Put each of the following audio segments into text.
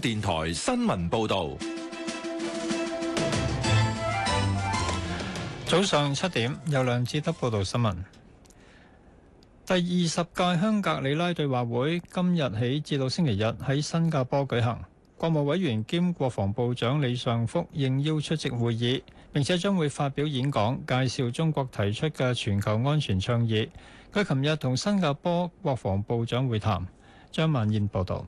電台新聞報道：早上七點，有梁志德報道新聞。第二十屆香格里拉對話會今日起至到星期日喺新加坡舉行。國務委員兼國防部長李尚福應邀出席會議，並且將會發表演講，介紹中國提出嘅全球安全倡議。佢琴日同新加坡國防部長會談。張曼燕報道。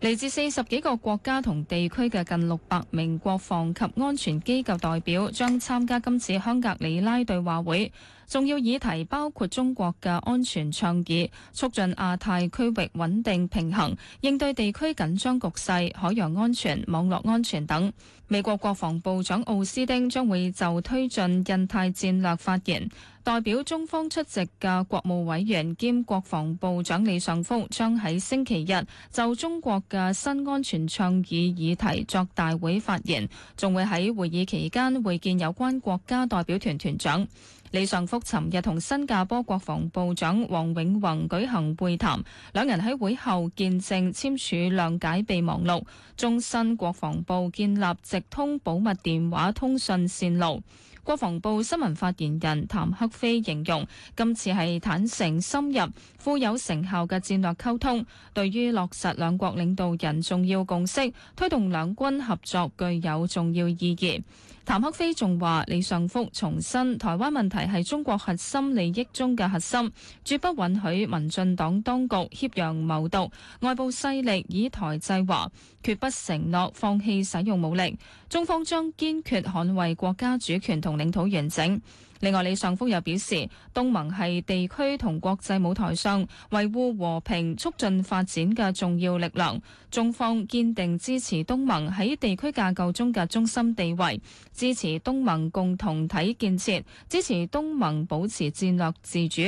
嚟自四十幾個國家同地區嘅近六百名國防及安全機構代表將參加今次香格里拉對話會。重要議題包括中國嘅安全倡議、促進亞太區域穩定平衡、應對地區緊張局勢、海洋安全、網絡安全等。美國國防部長奧斯丁將會就推進印太戰略發言。代表中方出席嘅國務委員兼國防部長李尚福將喺星期日就中國嘅新安全倡議議題作大會發言，仲會喺會議期間會見有關國家代表團團長。李尚福尋日同新加坡國防部長黃永宏舉行會談，兩人喺會後見證簽署諒解備忘錄、中新國防部建立直通保密電話通訊線路。國防部新聞發言人譚克非形容今次係坦誠深入、富有成效嘅戰略溝通，對於落實兩國領導人重要共識、推動兩軍合作具有重要意義。譚克非仲話：李尚福重申台灣問題係中國核心利益中嘅核心，絕不允許民進黨當局挾洋謀獨、外部勢力以台制華，決不承諾放棄使用武力。中方將堅決捍衛國家主權同領土完整。另外，李尚福又表示，東盟係地區同國際舞台上維護和平、促進發展嘅重要力量。中方堅定支持東盟喺地區架構中嘅中心地位，支持東盟共同體建設，支持東盟保持戰略自主，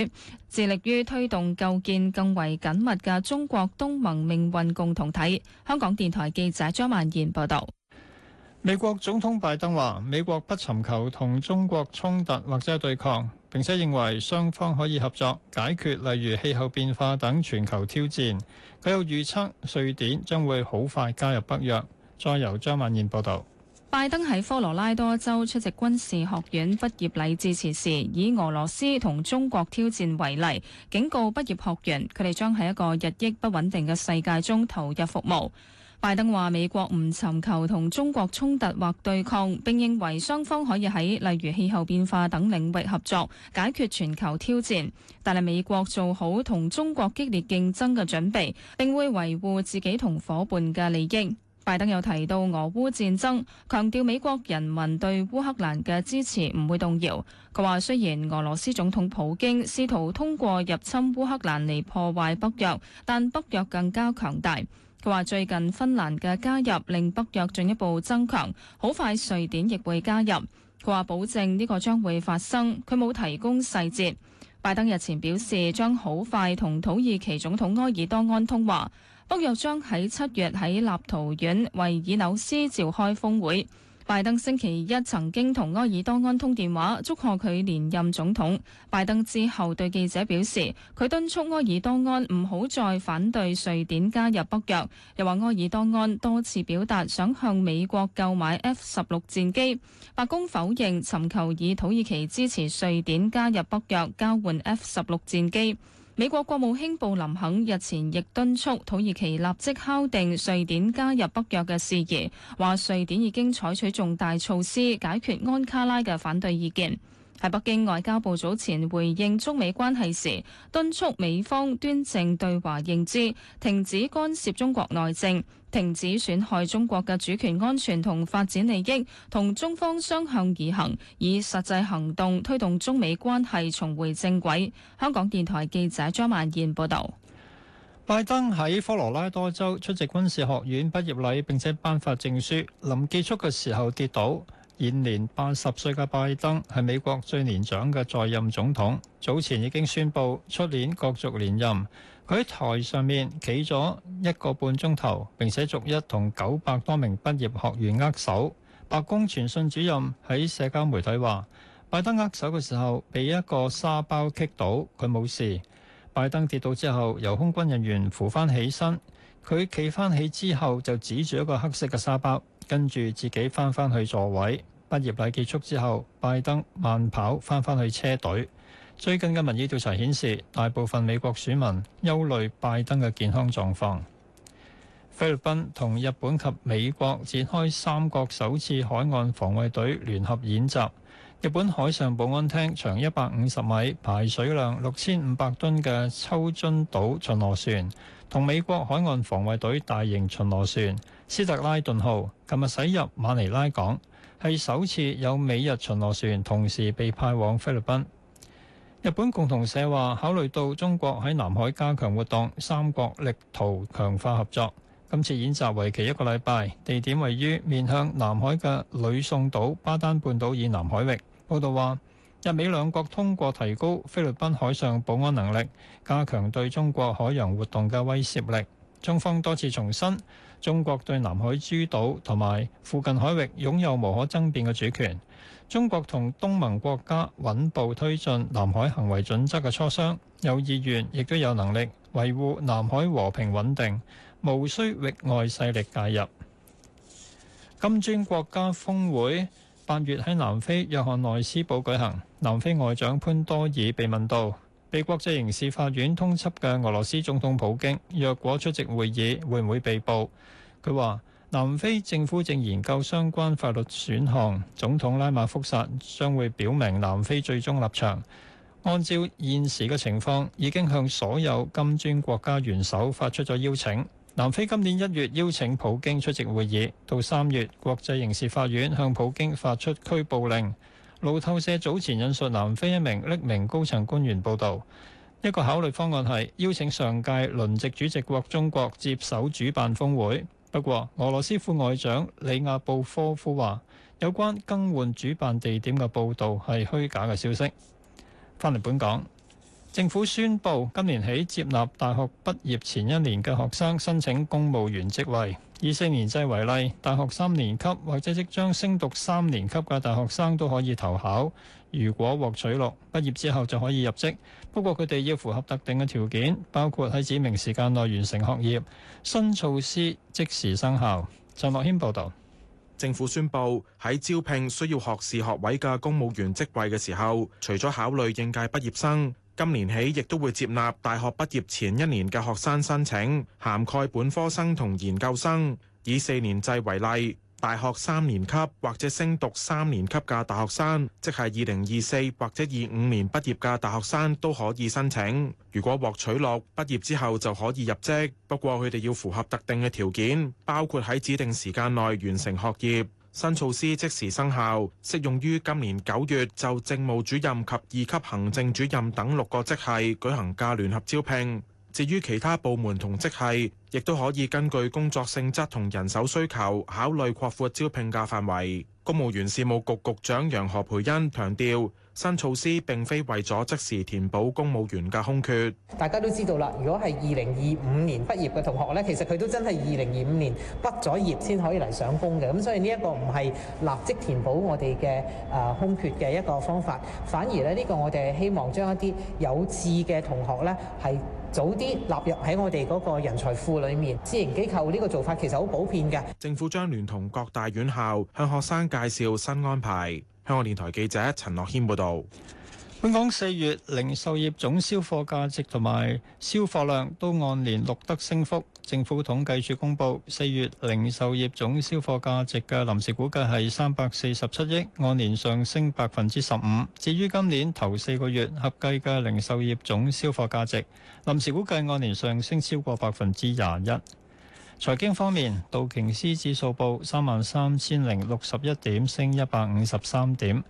致力於推動構建更為緊密嘅中國東盟命運共同體。香港電台記者張曼燕報道。美國總統拜登話：美國不尋求同中國衝突或者對抗，並且認為雙方可以合作解決例如氣候變化等全球挑戰。佢又預測瑞典將會好快加入北約。再由張曼燕報道。拜登喺科羅拉多州出席軍事學院畢業禮致辭時，以俄羅斯同中國挑戰為例，警告畢業學員佢哋將喺一個日益不穩定嘅世界中投入服務。拜登話：美國唔尋求同中國衝突或對抗，並認為雙方可以喺例如氣候變化等領域合作解決全球挑戰。但係美國做好同中國激烈競爭嘅準備，並會維護自己同伙伴嘅利益。拜登又提到俄烏戰爭，強調美國人民對烏克蘭嘅支持唔會動搖。佢話：雖然俄羅斯總統普京試圖通過入侵烏克蘭嚟破壞北約，但北約更加強大。佢話：最近芬蘭嘅加入令北約進一步增強，好快瑞典亦會加入。佢話保證呢個將會發生，佢冇提供細節。拜登日前表示將好快同土耳其總統埃爾多安通話，北約將喺七月喺立陶宛維爾紐斯召開峰會。拜登星期一曾經同埃爾多安通電話，祝賀佢連任總統。拜登之後對記者表示，佢敦促埃爾多安唔好再反對瑞典加入北約，又話埃爾多安多次表達想向美國購買 F 十六戰機。白宮否認尋求以土耳其支持瑞典加入北約，交換 F 十六戰機。美國國務卿布林肯日前亦敦促土耳其立即敲定瑞典加入北約嘅事宜，話瑞典已經採取重大措施解決安卡拉嘅反對意見。喺北京外交部早前回應中美關係時，敦促美方端正對華認知，停止干涉中國內政，停止損害中國嘅主權安全同發展利益，同中方相向而行，以實際行動推動中美關係重回正軌。香港電台記者張曼燕報導。拜登喺科羅拉多州出席軍事學院畢業禮並且頒發證書，臨結束嘅時候跌倒。現年八十歲嘅拜登係美國最年長嘅在任總統，早前已經宣布出年角逐連任。佢喺台上面企咗一個半鐘頭，並且逐一同九百多名畢業學員握手。白宮傳訊主任喺社交媒體話，拜登握手嘅時候被一個沙包擊到，佢冇事。拜登跌倒之後由空軍人員扶翻起身。佢企翻起之後就指住一個黑色嘅沙包，跟住自己翻返去座位。畢業禮結束之後，拜登慢跑翻返去車隊。最近嘅民意調查顯示，大部分美國選民憂慮拜登嘅健康狀況。菲律賓同日本及美國展開三國首次海岸防衛隊聯合演習。日本海上保安廳長一百五十米、排水量六千五百噸嘅秋津島巡邏船，同美國海岸防衛隊大型巡邏船斯特拉頓號，琴日駛入馬尼拉港，係首次有美日巡邏船同時被派往菲律賓。日本共同社話，考慮到中國喺南海加強活動，三國力圖強化合作。今次演習為期一個禮拜，地點位於面向南海嘅呂宋島巴丹半島以南海域。報道話，日美兩國通過提高菲律賓海上保安能力，加強對中國海洋活動嘅威懾力。中方多次重申，中國對南海諸島同埋附近海域擁有無可爭辯嘅主權。中國同東盟國家穩步推進南海行為準則嘅磋商，有意願亦都有能力維護南海和平穩定，無需域外勢力介入。金磚國家峰會八月喺南非約翰內斯堡舉行，南非外長潘多爾被問到，被國際刑事法院通緝嘅俄羅斯總統普京若果出席會議，會唔會被捕？佢話。南非政府正研究相關法律選項，總統拉馬福薩將會表明南非最終立場，按照現時嘅情況已經向所有金磚國家元首發出咗邀請。南非今年一月邀請普京出席會議，到三月國際刑事法院向普京發出拘捕令。路透社早前引述南非一名匿名高層官員報道，一個考慮方案係邀請上屆輪值主席國中國接手主辦峰會。不過，俄羅斯副外長里亞布科夫話，有關更換主辦地點嘅報道係虛假嘅消息。翻嚟本港。政府宣佈，今年起接納大學畢業前一年嘅學生申請公務員職位。以四年制為例，大學三年級或者即將升讀三年級嘅大學生都可以投考。如果獲取錄，畢業之後就可以入職，不過佢哋要符合特定嘅條件，包括喺指明時間內完成學業。新措施即時生效。陳樂謙報道，政府宣佈喺招聘需要學士學位嘅公務員職位嘅時候，除咗考慮應屆畢業生。今年起，亦都會接納大學畢業前一年嘅學生申請，涵蓋本科生同研究生。以四年制為例，大學三年級或者升讀三年級嘅大學生，即係二零二四或者二五年畢業嘅大學生都可以申請。如果獲取錄，畢業之後就可以入職。不過佢哋要符合特定嘅條件，包括喺指定時間內完成學業。新措施即時生效，適用於今年九月就政務主任及二級行政主任等六個職系舉行嘅聯合招聘。至於其他部門同職系，亦都可以根據工作性質同人手需求，考慮擴闊招聘嘅範圍。公務員事務局局，局長楊何蓓茵強調。新措施並非為咗即時填補公務員嘅空缺。大家都知道啦，如果係二零二五年畢業嘅同學咧，其實佢都真係二零二五年畢咗業先可以嚟上工嘅。咁所以呢一個唔係立即填補我哋嘅誒空缺嘅一個方法，反而咧呢個我哋希望將一啲有志嘅同學咧係早啲納入喺我哋嗰個人才庫裏面。私營機構呢個做法其實好普遍嘅。政府將聯同各大院校向學生介紹新安排。香港電台記者陳樂謙報道，本港四月零售業總銷貨價值同埋銷貨量都按年錄得升幅。政府統計處公布，四月零售業總銷貨價值嘅臨時估計係三百四十七億，按年上升百分之十五。至於今年頭四個月合計嘅零售業總銷貨價值，臨時估計按年上升超過百分之廿一。財經方面，道瓊斯指數報三萬三千零六十一點，升一百五十三點；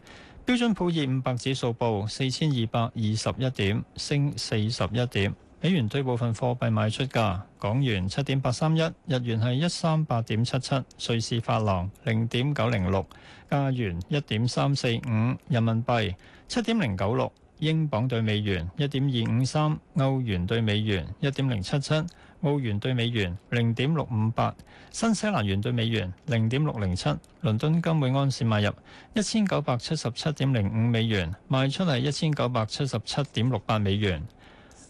標準普爾五百指數報四千二百二十一點，升四十一點。美元兌部分貨幣賣出價：港元七點八三一，日元係一三八點七七，瑞士法郎零點九零六，加元一點三四五，人民幣七點零九六，英鎊兌美元一點二五三，歐元兌美元一點零七七。澳元兌美元零點六五八，新西蘭元兌美元零點六零七，倫敦金每盎司買入一千九百七十七點零五美元，賣出係一千九百七十七點六八美元。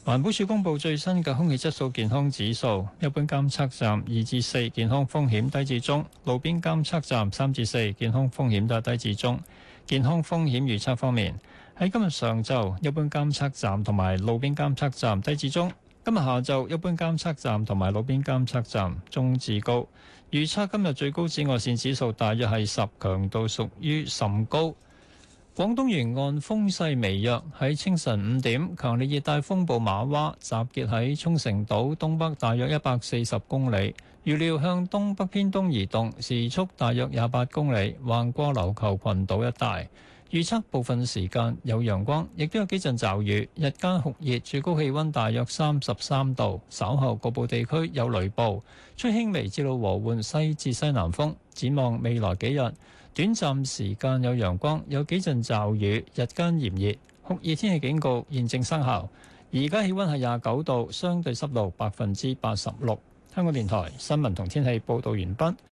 環保署公布最新嘅空氣質素健康指數，一般監測站二至四，4, 健康風險低至中；路邊監測站三至四，4, 健康風險都係低至中。健康風險預測方面，喺今日上晝，一般監測站同埋路邊監測站低至中。今日下晝，一般監測站同埋路邊監測站中至高預測，預測今日最高紫外線指數大約係十，強度屬於甚高。廣東沿岸風勢微弱，喺清晨五點，強烈熱帶風暴馬娃集結喺沖繩島東北，大約一百四十公里，預料向東北偏東移動，時速大約廿八公里，橫過琉球群島一帶。預測部分時間有陽光，亦都有幾陣驟雨，日間酷熱，最高氣温大約三十三度。稍後局部地區有雷暴，吹輕微至到和緩西至西南風。展望未來幾日，短暫時間有陽光，有幾陣驟雨，日間炎熱，酷熱天氣警告現正生效。而家氣温係廿九度，相對濕度百分之八十六。香港電台新聞同天氣報導完畢。